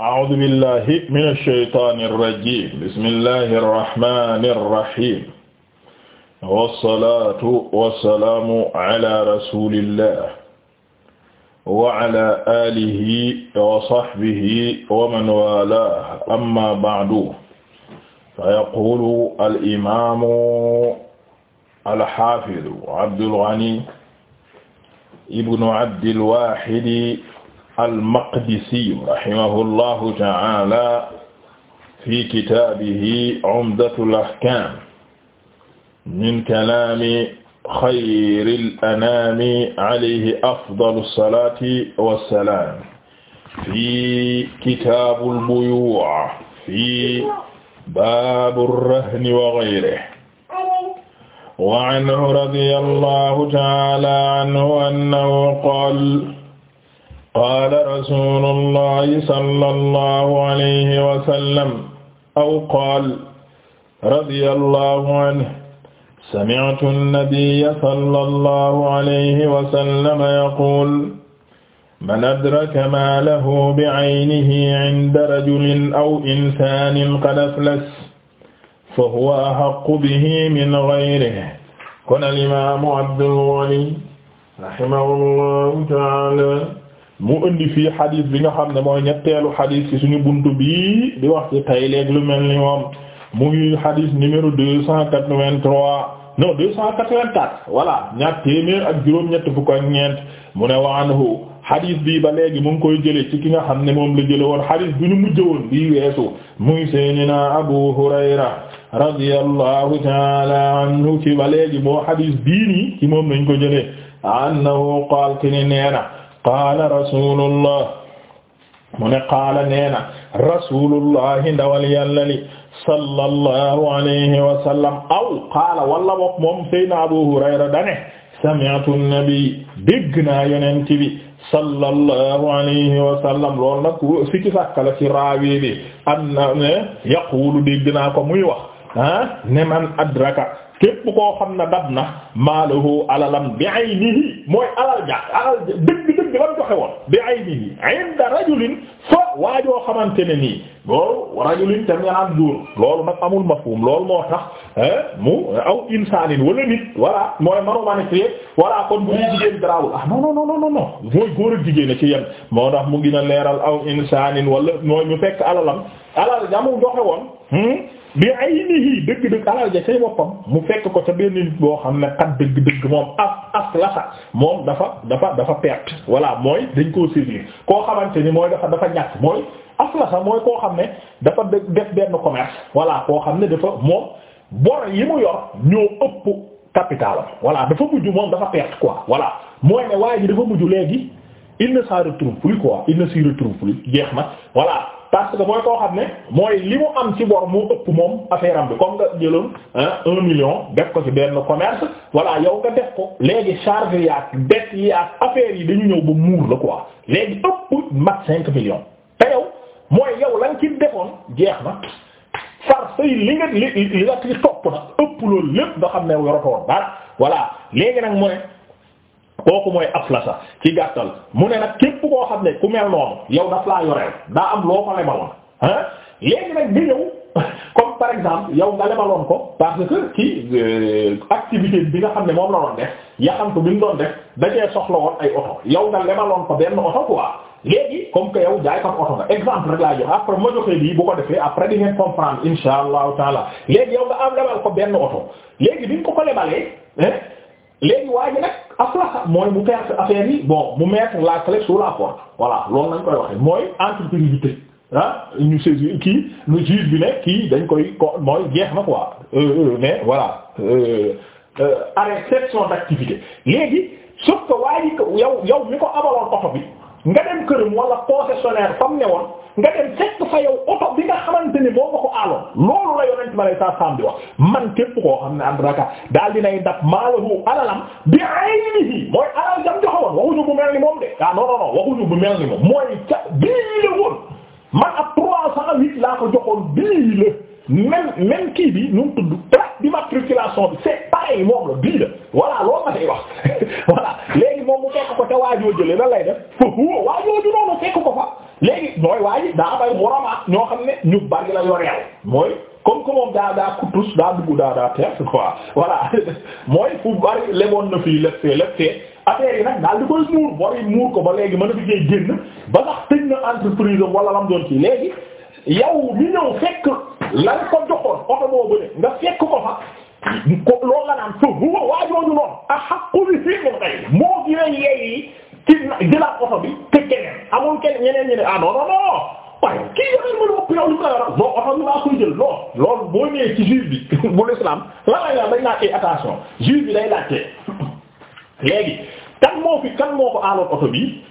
أعوذ بالله من الشيطان الرجيم بسم الله الرحمن الرحيم والصلاة والسلام على رسول الله وعلى آله وصحبه ومن والاه أما بعد فيقول الإمام الحافظ عبد الغني ابن عبد الواحد al-Maqdisi rahimahullahu ta'ala fi kitaabihi Umdatul Ahkaam min kalaami xayril anaami alayhi afdalu salaati wa salaam fi kitaabul buyuu' fi baabur rahni wa ghayrihi wa anhu radiyallahu ta'ala anhu annahu qaala qaala rasuulullahi sallallahu alayhi wa sallam aw qaala radiyallahu anhu sami'tu an-nabiyya sallallahu alayhi wa sallam yaquul man adraka maalahu bi'aynihi 'inda rajulin aw insaanin qad aflasa fahuwa ahaqqu bihi min ghayrihi kon al-imaamu Abdul Ghaniyy rahimahullahu ta'aala mu indi fi xadis bi nga xam ne mooy ñetteelu xadis ci suñu buntu bi di wax ci tay léeg lu mel ni moom mu ngi xadis numéro deux cent quatre-vingt-trois non deux cent ak juróom-ñett fukk ak ñeent mu ne waanhu xadis bii ba léegi mu koy jële ci ki nga xam ne moom la jële woon xadis bi ñu mujj woon bii weesu muy seydina Abu Hurayra radiyallahu taala anhu ci ba léegi boo xadis bii nii ci moom lañ ko jëlee annahu qaal ki ni neena qaala rasulullah mu ne qaala nee na rasulullahi ndawal yàlla li sallallahu alayhi wa sallam aw qaala wala bopp moom Seydina Abu Hurayra dane sami'tu an-nabi dégg naa yonent bi sallallahu alayhi wa sallam loolu nag si ci sàkkala ci raawi bi am na ne yaqulu dégg naa ko muy wax ah ne man adraka képp koo xam ne dab na maalahu alalam bi aynihi mooy alal ja alal ja dëgg dëgg joxe woon bi aynihi inda rajulin fa waajoo xamante ne nii loolu rajulin tam yanaan jour loolu nag amul mafhum loolu moo tax mu aw insaanin wala nit voilà mooy manuma ne ci voilà kon bu ñu jigéen ah non non non mooy góor ak jigéen ci yem moo tax mu gën a leeral aw insaanin wala mooy ñu fekk alalam alal ja mu joxe woon hmm, bi ay nii dëgg-dëgg alal ja cay boppam mu fekk ko ca benn nit boo xam ne xat dëgg-dëgg moom af af lafa moom dafa dafa dafa perte voilà mooy dañ koo servir koo xamante ni mooy dafa dafa ñàkk mooy af lafa mooy koo xam ne dafa def benn commerce voilà koo xam ne dafa moom bor yi mu yor ñoo ëpp capital am voilà dafa mujj moom dafa perte ko voilà mooy ne waa ji dafa mujj léegi il ne s'en retrouve plus quoi il ne jeex na voilà. parce que mooy koo xam ne mooy li mu am ci bor moo ëpp moom affaire am bi comme nga jëloon un million def ko ci benn commerce voilà yow nga def ko léegi charge yaak dette yaak affaire yi dañu ñëw ba muur la quoi léegi ëpp mat cinq millions te yow mooy yow la nga ci defoon jeex na far say li nga li li nga topp na ëpp loolu lépp nga xam ne yoratoo dara voilà léegi nag mu ne kooku mooy aflasa ci gàttal mu ne nag képp koo xam ne ku mel noonu yow daf laa yoreel daa am loo ko lebaloon ah léegi nag di ñëw comme par exemple yow nga lebaloon ko parce que ci euh, activité bi nga xam ne moom la doon def yaxantu bi mu doon def dajee soxla woon ay oto yow nga lebaloon ko benn oto quoi léegi comme que yow jaay ko oto nga exemple rek laa jox après ma joxee lii bu ko defee après di ngeen comprendre insha allahu taala léegi yow nga am lebal ko benn oto léegi bi ko ko lebalee léegi waa ji nag aflaha mooy mu perte affaire yi bon mu mettre la clé sous la porte voilà loolu nañ koy waxe mooy entreprise bi tëj ah ñu kii nu juge bi ne kii dañ koy ko mooy jeex na quoi euh, euh, mais voilà euh, arrêt section d'activité léegi sauf que waa ji yow yow mi ko amaloon oto bi nga dem këram wala concessionnaire fam ne woon nga dem fekk fa yow oto bi nga xamante ni moo ma ko aaloon loolu la yonent ma lay saa saam bi wax man képp koo xam ne adraka daal dinay dab maalahu alalam bi aynihi mooy alal jam joxe woon waxuñu bu mel ni moom de ah non non non bu mel ni moom mooy ca bii la woon man ak trois cent laa ko joxoon bii la même même kii bi ñu tudd plaque d'immatriculation bi c'est pareil moom la bii la voilà loolu ma day léegi moom mu fekk ko te waajoo jëlee ko fa léegi mooy waaye daa bay ñoo xam ne ñu bari la yoreel mooy comme moom daa daa daa dugg daa daa mooy fu bari na fii yi nag daal di koy muur bori muur ba léegi mën a fi génn ba sax tëj na entreprise am lam doon ci léegi yow mi ñëw fekk. la nga ko joxoon oto boobu ne nga fekk ko fa ko loolu la naan foofu bu ma waajooju noonu ak xaqu bi fii moom tey moo gën a yeeyi ci jëlaat oto bi te keneen amul kenn ñeneen ñeneen ah non non non waaye kii yeneen mën a ëpp yow li mu la yor oto bi laa koy jël non loolu boo ñëwee ci juge bi bu l'islam lan la ñu dañ naan ay eh, attention juge bi day laajte léegi kan moo fi kan moo ko aaloon oto bi.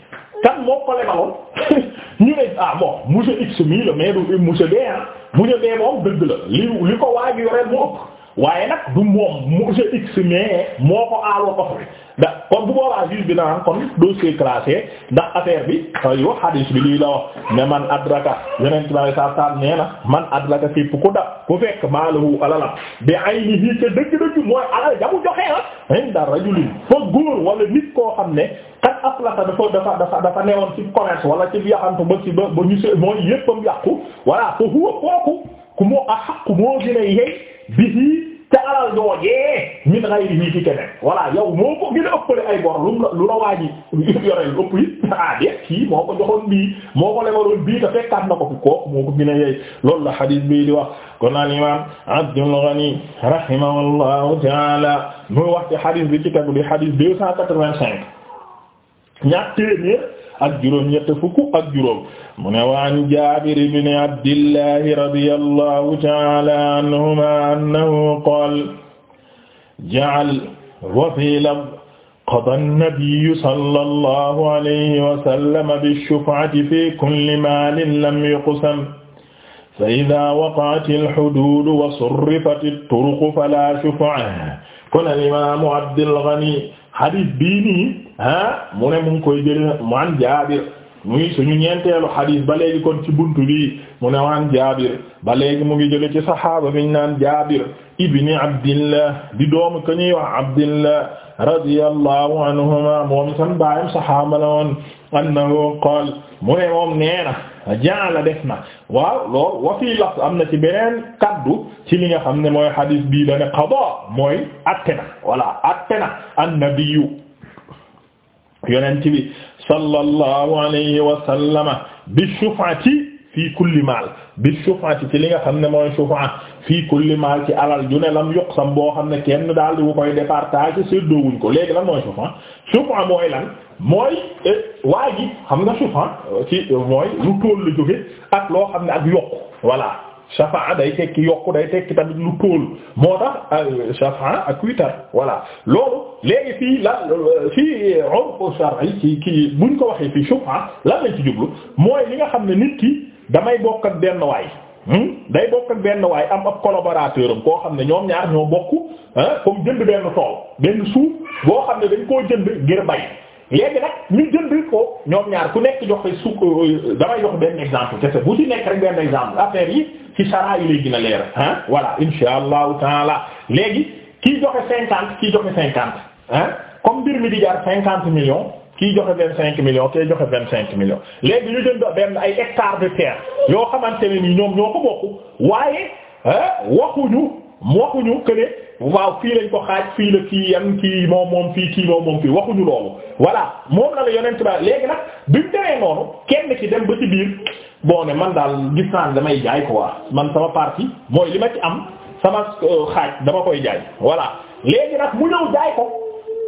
kan moo ko lebaloon ñu ne ah bon monsieur X mii la mais du monsieur B ah monsieur B moom dëgg la li li ko waaj a yoreel moo ëpp waaye nag du moom monsieur X mais moo ko aaloo ko da kon bu boobaa juge bi naan kon dossier classé ndax affaire bi euh, yo hadis bi lii la wax ne man adraka yeneen ci ma sa san nee na man adraka képp ku da ku fekk maalahu alalam bi aynihi ca dëgg-dëgg mooy alal jamu joxe ah inda rajulin fa góor wala nit koo xam ne kat aflata dafa dafa dafa dafa newoon ci commerce wala ci yaxantu ba ci ba ba ñu se mooy yéppam yàqu voilà fa huwa kooku ku a xaqu bihi ca alal joojee min ghayrihi ci keneen voilà yow moo ko gën a ëppale ay bor lu la lu la waaji yoreel ëpp it ah déet kii moo ko joxoon bii moo ko lebaloon bii te fekkaat na ko fi kooku moo ko gën a yeey loolu la hadith bii di wax kon al imam Abdul Ghani rahimahullahu taala muy wax ci hadith bi ci tegu di hadith deux cent quatre-vingt-cinq ñaar téeméer ak juróom-ñett fukk ak juróom mu ne waan Jaabir ibn Abdillah radiyallahu ta'ala anhuma annahu qaala ja'al wa fii lafz qadaa an-nabiyyu sallallahu alayhi wa sallam bish-shuf'ati fii kulli maalin lam yuqsam fa-idhaa waqa'ati al-huduud wa surrifati at-turuq falaa shuf'a kon al-imaamu Abdul Ghani hadith bii nii ah mu ne mu ngi koy jëlee man jaabir muy suñu ñeenteelu xadiis ba léegi kon ci buntu bi mu ne waan jaabir ba mu ngi jële ci saxaaba bi ñu naan jaabir ibni abdillah di doomu ka ñuy wax abdillah radiyallahu anhuma moom san baayam saxaaba la woon annahu qaal mu ne moom neena jaala def na waaw lool wa fii lafz am ci beneen kaddu ci li nga xam ne mooy xadiis bii dane qada mooy atte na wala atte na annabiyu yonent bi sallallahu alayhi wa sallama bi shuf'ati fii kulli maal bi shuf'ati ci li nga xam ne mooy shuf'a fii kulli maal ci alal ju ne lam yuqsam boo xam ne kenn daal di bu koy départage séddoowuñ ko léegi lan mooy shuf'a shuf'a mooy lan mooy eh, waa ji xam nga shuf'a ci mooy lu tool jóge ak loo xam ne ak yokk voilà shafaa day tekki yokku day tekki tamit lu tóol moo tax euh, shafaa ak witar voilà loolu léegi fii la fii urfu shar'i ci kii buñ ko waxee fii shafaa lan lañ ci jublu mooy li nga xam ne nit ki damay bokkat benn waay hmm? day bokk benn waay am ab collaborateur am koo xam ne ñoom ñaar ñoo bokk comme jënd benn tool benn suuf boo xam ne dañ koo jënd ngir bay léegi nag ñu jënd ko ñoom ñaar ku nekk jox su euh, damay jox benn exemple kese bu ci nekk rek benn exemple affaire yi ci saraa lay gën a leer ah voilà insha allahu taala léegi kii joxe cinquante kii joxe cinquante ah comme mbir mi di jaar cinquante million kii joxe vingt cinq million kii joxe vingt cinq millions léegi ñu jënd benn ay hectares de terre yoo xamante ne nii ñoom ñoo ko bokk waaye ah waxuñu waxuñu que waaw fii lañ ko xaaj fii la kii yan kii moom moom fii kii moom moom fii waxuñu loolu voilà moom la la yonent ba léegi nag biñ demee noonu kenn ci dem ba ci biir boo ne man daal gis naan damay jaay quoi man sama partie mooy li ma ci am sama euh, xaaj dama koy jaay voilà léegi nag mu ñëw jaay ko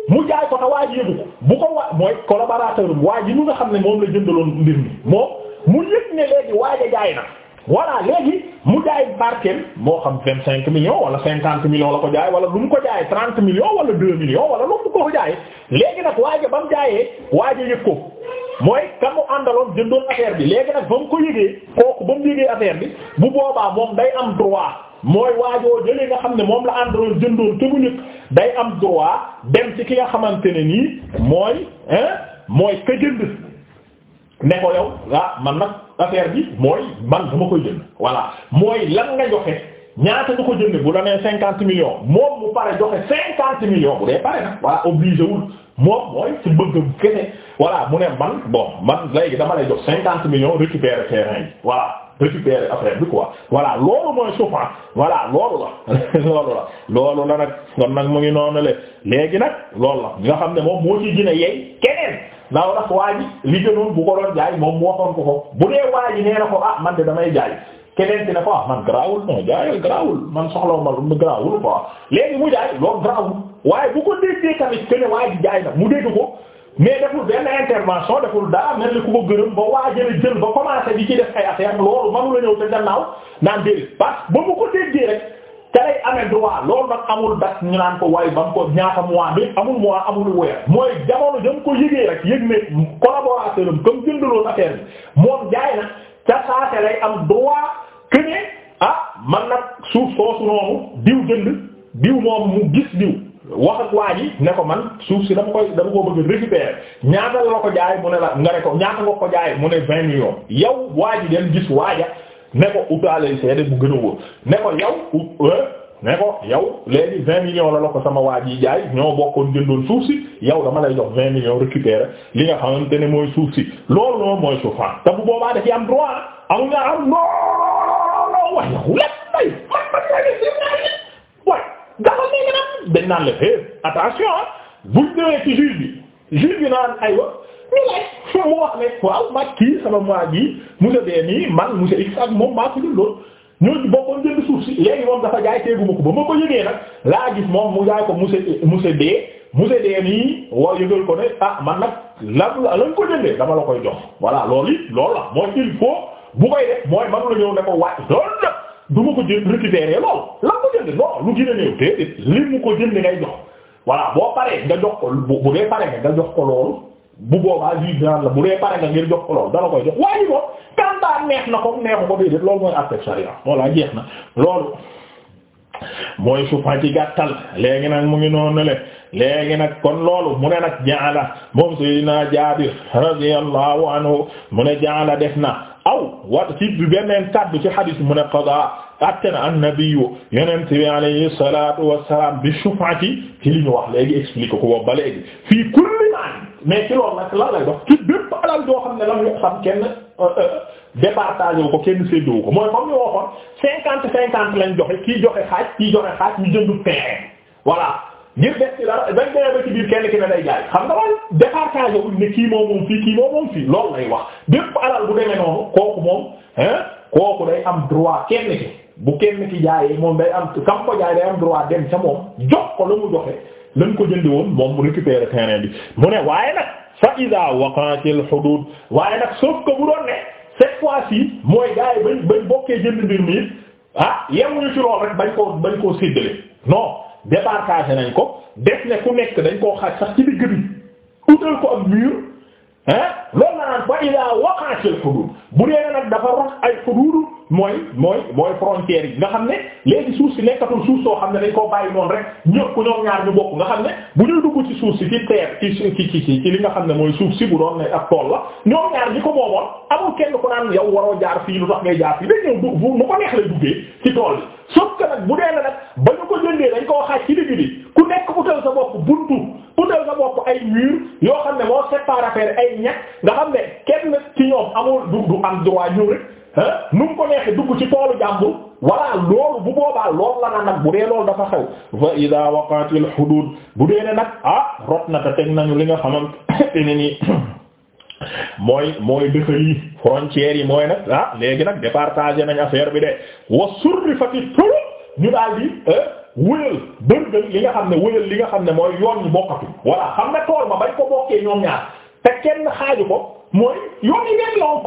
mu jaay ko te waa ji yëgu ko bu ko waa mooy collaborateur bi waa ji mu nga xam ne moom la jëndaloon mbir mi moo mu yëg ne léegi waaja jaay na voilà léegi mu jaay barkeel moo xam vingt cinq millions wala cinquante million la ko jaay wala lu mu ko jaayee trente millions wala deux millions wala lu mu ko jaayee léegi nag waaja ba mu jaayee waaja yëg ko mooy ka mu àndaloon jëndoon affaire bi léegi nag ba mu ko yëgee kooku ba mu yëgee affaire bi bu boobaa moom day am droit mooy waajoo jëlee nga xam ne moom la àndaloon jëndoon te bu njëkk day am droit dem ci ki nga xamante ne nii mooy hein mooy ka jënd ah, nag. affaire bi mooy man dama koy jënd voilà mooy lan nga joxe ñaata du ko jënd bu la nee cinquante millions moom mu pare joxe cinquante millions bu dee pare nag voilà obligé wul moom mooy ci bëgg kese voilà mu ne man bon man léegi dama lay jox cinquante millions récupérer terrain yi voilà récupérer affaire bi quoi voilà loolu mooy souvent voilà loolu loolu la loolu la nag kon nag mu ngi noonu le léegi nag loolu la nga xam ne moom moo ci gëna yey keneen ndaw ndax waa ji li gënoon bu ko doon jaay moom mu ko ah man de damay keneen ci ne ko ah, man garaawul non jaayal garaawul man soxla ma lu garaawul quoi léegi mu jaay loolu garaawul waaye bu ko déggee tamit que ne waa ji jaay na mu dégg ko mais deful benn intervention deful daa mel ni ku ko gërëm ba waajal jël ba commencé di ci def ay affaire a mënu la ñëw te gannaaw naan déedéet parce que ba mu ko déggee rek te lay amee droit loolu amul das ñu naan ko waaye ba mu ko amul weer mooy jamono jëm ko yëgee rek yëg ne collaborateur am comme jëndaloon affaire bi moom jaay na a saate que ne ah man nag suuf soosu noonu diw jënd diw moom mu gis diw wax ak waa ne ko man suuf si dama koy dama ko bëgg récupérer ñaata la ko jaay mu ne la nga ne ko ñaata nga ko jaay mu ne vingt millions yow waa ji dem gis waaja ne ko utaalay seede bu gën a wóor ne ko yow euh, ne ko yow léegi vingt millions la la ko sama waa ji jaay ñoo bokkoon jëndoon suuf si yow dama lay jox vingt millions récupérer li nga xamante ne mooy suuf si loolu noonu mooy suufaan te bu boobaa waaye xulet bay man man maa ngi seen naa yi waaye dafa nii nga naan dañ naan la fee eh, attention ah, buñ ñëwee ci juge bi juge bi naan aywa ñu lay mu wax ne waaw mag kii sama mois bii monsieur bee nii man monsieur X ak moom maa ko dul lool ñooñu bokkoon jënd suuf si léegi moom dafa jaay teeguma ko ba ma ko yëgee nag laa m moom mu jaay ko monsieur monsieur D monsieur D nii waa yëgal ko ne ah man nag lan lañ ko jëndee dama la koy jox voilà loolu it loolu la mooy il faut. bu koy def mooy man la ñëw ne lu gën a néew déedéet boo bu dee pare nga jox ko loolu bu boobaa ji daan la bu dee pare nga ngir jox ko loolu dana koy jox waaye moom kantaan neex na ko neexu ko déedéet loolu mooy affaire charia voilà jeex na loolu. mooy suufan ci gàttal léegi nag mu ngi noonu le léegi nag kon loolu mu ne nag jaala moom sayyidina Jaabir radiyallahu mu ne jaala def na aw wa ci beneen kàddu ci xadis mu ne qada atte na annabiyyu yonent bi alayhi bi shuf'ati ci li ñu wax léegi expliqué ko boobu ba léegi fii kulli maan mais ci loolu nag lan lay dox ci bépp alal doo xam ne lam ñu xam kenn euh, euh, départagé wu ko kenn séddowu ko mooy comme ñu waxoon cinquante cinquante lañ joxe kii joxe xaaj kii joxe xaaj ñu jëndu terrain voilà ngir des ci dara dañ dee ba ci biir kenn ki ne day jaay xam nga partagé wuñ ne kii moom moom fii kii moom moom fii loolu lay wax bépp alal bu demee noonu kooku moom hein kooku day am droit kenn ki bu kenn ki jaayee moom day am kam ko jaay day am droit dem ca moom jox ko la mu joxe lañ ko jëndi woon moom mu récupérer terrain bi mu ne waaye nag fa ida waqa'atil hudud waaye nag sauf ko bu doon ne cette fois-ci mooy gars yi bañ bañ bokkee jënd mbir mi ah yemuñu ci lool rek bañ koo bañ koo séddale non départage nañ ko def ne ku nekk dañ utal ko ak mur ah loolu la naan fa ila waqa'atil hudud bu dee nag dafa rox ay hudud mooy mooy mooy frontières yi nga xam ne léegi suuf si nekkatul suuf soo xam ne dañ koo bàyyi noonu rek ñëpp ñoom ñaar xam ne bu ñuy dugg ci suuf si ci terre li nga xam ne mooy suuf si bu doon ne ab tool la ñoom jaar fii lu tax ngay jaar tool bi nag bu dee la nag ba ñu ko jëndee dañ koo xaaj ci digg bi ku nekk utal sa bopp buntu. utal sa bopp ay mur yoo xam ne moo séparé affaire ay ñett nga xam ne kenn ci ñoom amul du du am droit ñëw rek nu ko neexee dugg ci toolu jàmbur voilà loolu bu boobaa loolu la nag bu dee loolu dafa xew fa ida waqatil hudud bu dee nag ah rot na te teg nañu li nga xamante ne nii mooy mooy dëkk yi frontières yi mooy nag ah léegi nag départagé nañ affaire bi de wa surrifati ñu daal di wëyal bërgël li nga xam ne wëyal li nga xam ne mooy yoon ñu bokkatu voilà xam nga tool ma bañ ko bokkee ñoom ñaar te kenn xaaju ko mooy yoon yi ngeen la neex nañ ñu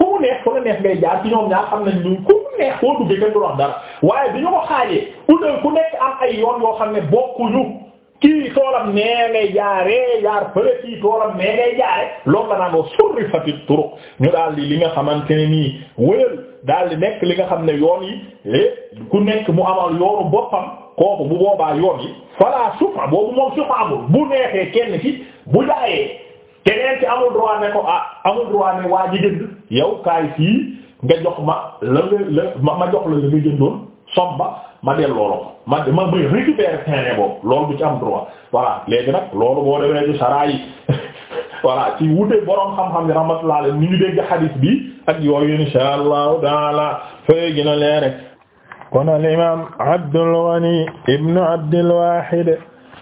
ku mu neex duggee kenn du wax dara waaye bi ñu ko xaajee utal ku nekk am ay yoon yoo xam ne bokkuñu kii toolam nee ngay jaaree jaar fële kii toolam nee ngay jaare loolu la naan surrifati turuq ñu daal di li nga xamante ne nii wëyal daal di nekk li nga xam ne yoon yi ku nekk mu amal yoonu kooku bu boobaa yoon yi fala sufa boobu moom sufa amul bu neexee kenn ci bu jaayee keneen ci amul droit ne ko ah amul droit ne waa ji jënd yow kaay fii nga jox ma la la ma jox la la nga jëndoon somba ma delloo la ma ma may récupérer terrain boobu loolu du ci am droit voilà léegi nag loolu boo demee ci saraa yi voilà ci wute borom xam-xam ni rahmatullah ni ñu dégg xadiis bi ak yooyu insha allahu taala fee gën a leer rek kon al imaam Abdul Ghani ibn Abdul Wahid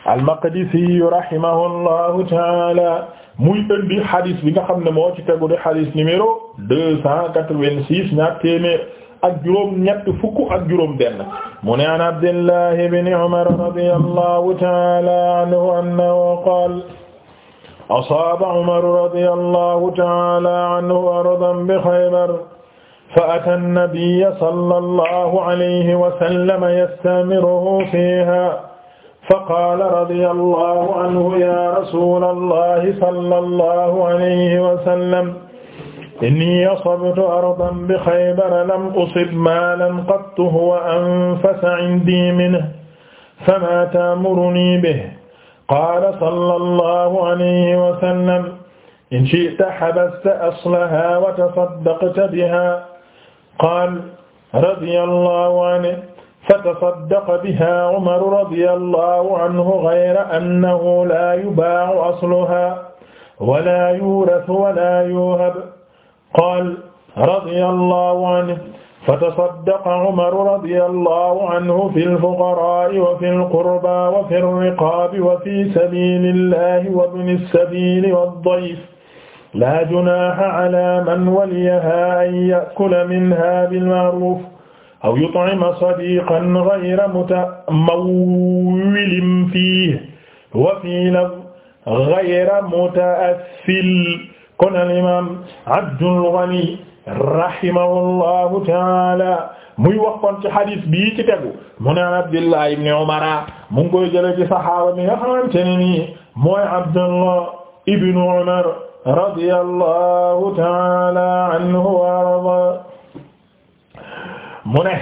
al-Maqdisi rahimahullahu taala muy indi hadis bi nga xam ne moo ci tegu di hadis numéro deux cent quatre-vingt-six ñaar téeméer ak juróom ñett fukk ak juróom benn mu ne an Abdullah ibn Umar radiyallahu taala anhu annahu qaala asaaba Umar radiyallahu taala anhu ardan bi Khaybar fa ata nabiyya sallallahu alayhi wa sallam yastamiruhu fiihaa faqaala radiyallahu anhu yaa rasuulallahi sallallahu alayhi wa sallam innii asabtu ardan bi Xaybar lam usib maalan qattu huwa anfasa indii minhu famaa ta'murunii bihi qaala sallallahu alayhi wa sallam in shi'ta habasta aslahaa wa tasaddaqta bihaa qaal radiyallahu anhu fatasaddaqa biha Umar radiyallahu anhu ghayra annahu la yubaa'u asluha wala yurathu wala yuhab qaal radiyallahu anhu fatasaddaqa Umar radiyallahu anhu fil fuqaraa'i wa fil qurbaa wa fir riqaabi wa fi sabiilillahi wa ibnis sabiili wad-dayf laa junaaha alaa man waliyahaa an ya'kula minhaa bil-ma'ruuf aw yut'ima sadiiqan ghayra mutamawwilin fiihi wa fii lafdin ghayra muta'affil. kon al-imaam Abdul Ghani rahimahullahu ta'aala muy wax kon ci hadiis bii ci tegu mu ne Abdullah ibn Umar mu ngi koy jëlee ci saxaaba mi nga xamante ne nii mooy Abdullah ibn Umar radiyallahu ta'ala anhu wa arda mu ne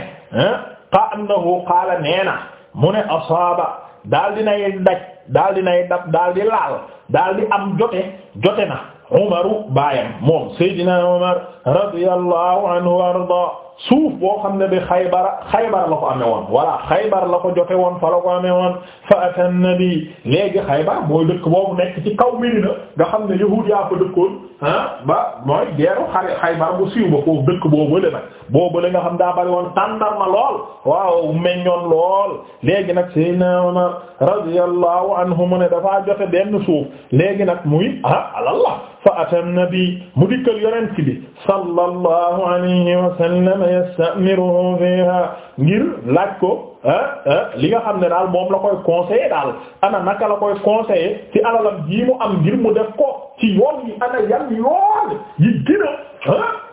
ka annahu qaala neena mu ne asaaba daal dinay daj daal dinay dab daal di laal daal di am jote jote na Umaru baayam moom Seydina Umar radiyallahu anhu wa arda suuf boo xam ne bi xaybara xaybara la ko amee woon voilà xaybar la ko jote woon fa la ko amee woon fa atan nabi léegi xaybar mooy dëkk boobu nekk ci kaw Medina nga xam ne yahuud yaa fa dëkkoon ah ba mooy geeru xare xaybar bu siiw ba foofu dëkk boobule nag boobule nga xam daa bari woon tàndarma lool waaw meññoon lool léegi nag Seydina Umar radiyallahu anhu mu ne dafaa jote benn suuf léegi nag muy ah alalla fa atan nabi mu dikkal yonent bi sallallahu alayhi wa yastamiruhu fiha ngir laaj ko ah, ah, li nga xam ne daal moom la koy conseiller daal ana naka la koy conseiller ci alalam jii mu ngir mu def ko ci yoon yi ana yan yoon yi gën a ah,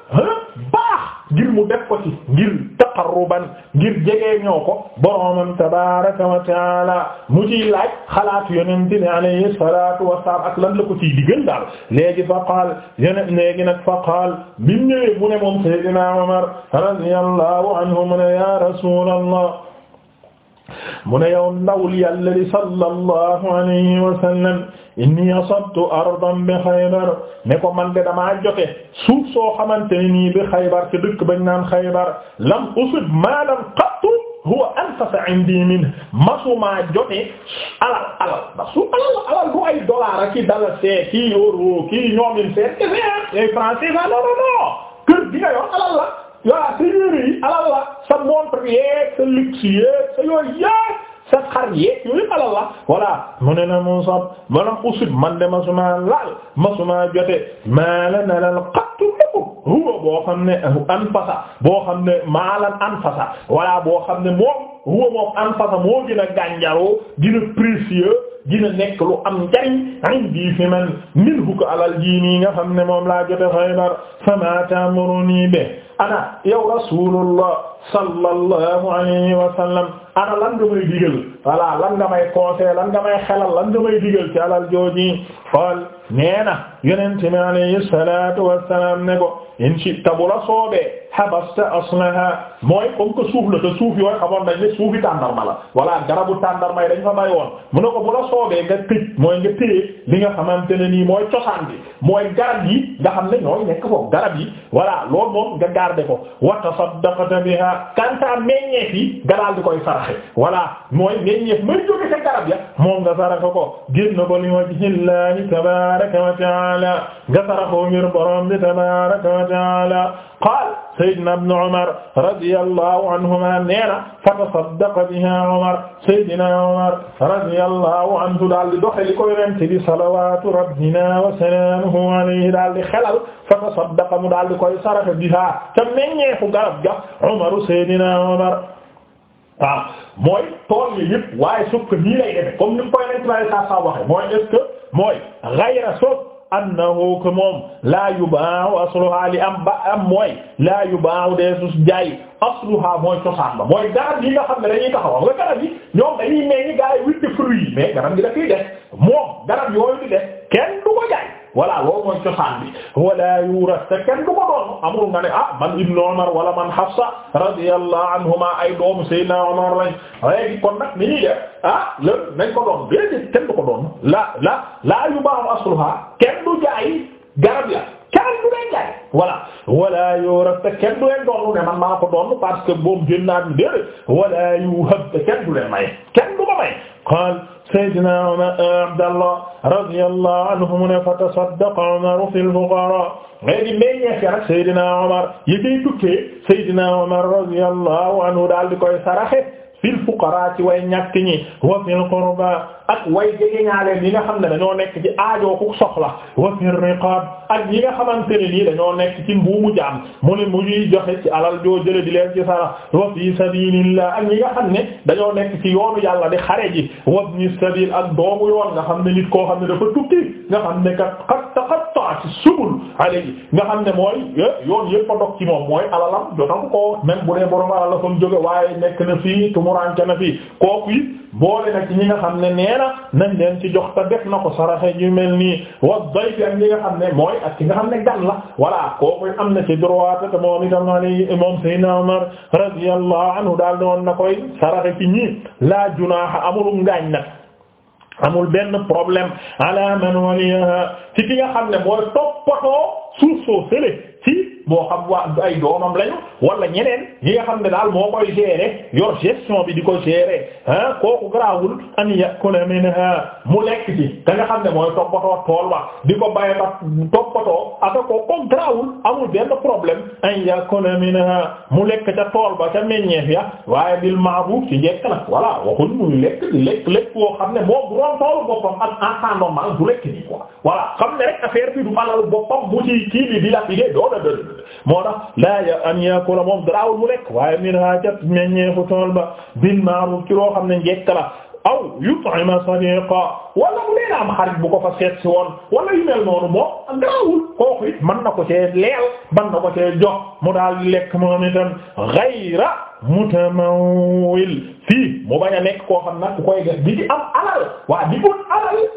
baax ngir mu def ko ci ngir taqarruban ngir jege ñoo ko boromam wa taala mu ciy laaj xalaat yonent bi alayhi salatu wasalaam ak lan la ko ciy digal daal léegi fa qaal yonent léegi nag fa qaal bi mu ñëwee mu ne moom sayyidina Umar radiyallahu anhu ya rasulallah mu ne yow ndawul yàlla li sallallahu alayhi wa sallam inni bi xaybar ne ko man de damaa jote xamante ne nii bi xaybar ci dëkk lam qattu huwa anfasa indi alal alal ndax ay dollar ak i dala see kii euro kii ñoomin seet kese ay français alal waaw sa yére yi sa montre yeeg sa luxe sa yooyu yeeg sa xar yeeg yooyu alal mu ne na mun sab manam usib man de masuma laal masuma jote maala na lal xattu lépp huwa boo xam ne an fasa boo xam ne maalan an fasa voilà boo xam ne moom huwa moom an fasa moo gën a gànjaru gën a précieux dina nekk lu am njariñ indi fi man minhu ko alal ji nii nga xam ne moom laa jote Xaybar fama ta'muruni be ana yow rasulullah sallallahu alayhi wa sallam ana lan nga may digal voilà lan nga may conseil lan nga may xelal lan nga may digal ci alal jooji xool nee na yonent mi alayhi salatu wassalam ne ko in ci tabula soobee habasta aslaha mooy comme que suuf la te suuf yooyu xamoon nañ ne suufi tàndarma la voilà garabu tàndarma yi dañ fa may woon mu ne ko bu la soobee nga tëj mooy nga téye li nga xamante ne nii mooy cosaan bi mooy garab yi nga xam ne ñooy nekk foofu garab yi voilà loolu moom nga garder ko wa tasaddaqta biha kanta meññeef yi nga daal meññeef may jóge ca garab ya moom nga saraxa ko génn ko li wajhillahi tabaraka wa taala nga saraxoo ngir borom bi tabaraka wa taala qaal sayyidina ibn umar radiyallahu anhuma neena fa tasaddaqa biha umar sayyidina umar radiyallahu anhu daal di doxe li ko yonent bi salawatu rabbina wa salaamuhu alayhi daal di xelal fa tasaddaqa mu daal di koy saraxa biha ca meññeefu garab ga umar sayyidina umar waaw mooy tool yi yëpp waaye suuf que nii lay demee comme ni mu koy leen saa saa waxee mooy est-ce que mooy ghayra suuf annahu que moom laa yubaahu asluha li am ba am mooy laa yubaahu dee su jaay asluha mooy cosaan ba mooy garab yi nga xam ne dañuy taxaw nga garab yi ñoom dañuy meññ gars yi witti fruits yi mais garab gi di def kenn du voilà loolu mooy cosaan bi wala yuras te kenn du ko doon amul ah man ibnu Umar wala man Hafsa radiyallahu anhuma ay doomu Seydina Umar lañ léegi kon nag ni ñuy def ah la nañ ko doon déedéet kenn du ko doon la la laa yubaahu asluha kenn du jaay garab ya kenn du leen jaay voilà wala yuras te kenn du ne may kenn du may qaal sayyidina Abdallah radiyallahu anhu mu ne fa tasaddaqa Umar fil fuqaraa léegi meññeef ya nag sayyidina Umar yi day tukkee sayyidina Umar radiyallahu anhu daal di koy saraxe fil fuqaraa ci way ñàkk ñi wa fil qurbaa ak way jegeñaale yi nga xam ne dañoo nekk ci aajoo ku soxla wa fi ak yi nga xamante ne nii dañoo nekk ci mbuumu jaam mu ne mu ñuy joxe ci alal joo jële di leen ci sarax wa fi sabilillah ak ñi nga xam ne dañoo nekk ci yoonu yàlla di xare ji wa fi sabil ak doomu nga xam ne nit koo xam ne dafa tukki nga xam ne kat xat taqatta ci subul alayhi nga xam ne mooy eh, yoon yëpp a dog ci moom mooy alalam jotagu ko même bu dee borom alal la fa mu jóge waaye nekk na fii tumuranke na fii ko yi boole na ci ñi nga xam ne nee na nañ def na ko saraxe yu mel nii wa dayfi ak ñi nga am na ci droit te moom itam naa ne moom Seydina Umar radiyallahu ngaañ nag benn problème ala man waliha ci ki xam ne mooy toppatoo suuf soo sële moo xam waa ay doomam lañu wala ñeneen ñi nga xam ne daal moo koy gérer yoo gestion bi di ko gérer ah kooku garaawul an mu lekk ci da nga ne mooy toppatoo tool ba di ko bàyyi ba toppatoo aka ko ko benn problème an yakula minha mu lekk ca tool ba ca meññeef ya waaye bil ma'ruf ci njekk nag voilà waxuñ muy lekk lekk lekk woo xam ne moo bu doon toolu boppam ak en normal du lekk nii quoi xam ne rek affaire bi du alalu boppam bu ci kii bi di la fi dee doo da moo tax laa ya an yakula moom daraawul mu lekk waaye min ha cat meññeefu tool ba bil ne njekk la aw yut'ima sadiqa wala mu leen am xarit bu ko fa seet si woon yu mel noonu moom garaawul kooku it mën na ko cee leel mën ko cee jox mu daal di lekk moom itam ghayra mutamawil fii mu bañ a nekk koo xam nag ku koy def di ci am alal waa di ut alal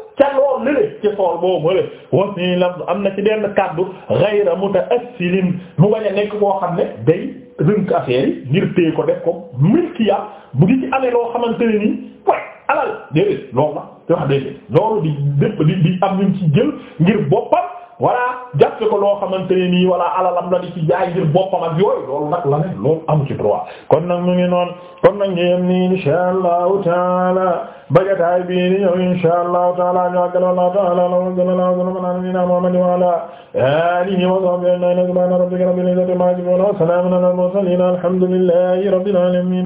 lële ci sool boobu mële wax ni la am na ci benn kàddu ghayra mutaassilin mu bañ a nekk koo xam ne day rënk affaire yi ngir téye ko def ko milkiya bu di ci amee loo xamante ne nii waaye alal déedéet loolu la te wax déedéet loolu di di am ñu ci jël ngir boppam voilà jàppe ko loo xamante ne nii voilà alalam la di ci jaay ngir boppam ak yooyu loolu nag la ne loolu amu ci droit kon nag mu ngi noonu kon nag ñu yem nii insha allahu taala bagataay bii ni ñëw insha allahu taala ñu àggale wallahu taala la gën ala gën a mën a Muhammad wa ala alihi wa sahbihi subhana rabbika rabbil izzati amma yasifun wa salamun ala al mursalin alhamdulillahi rabbil alamin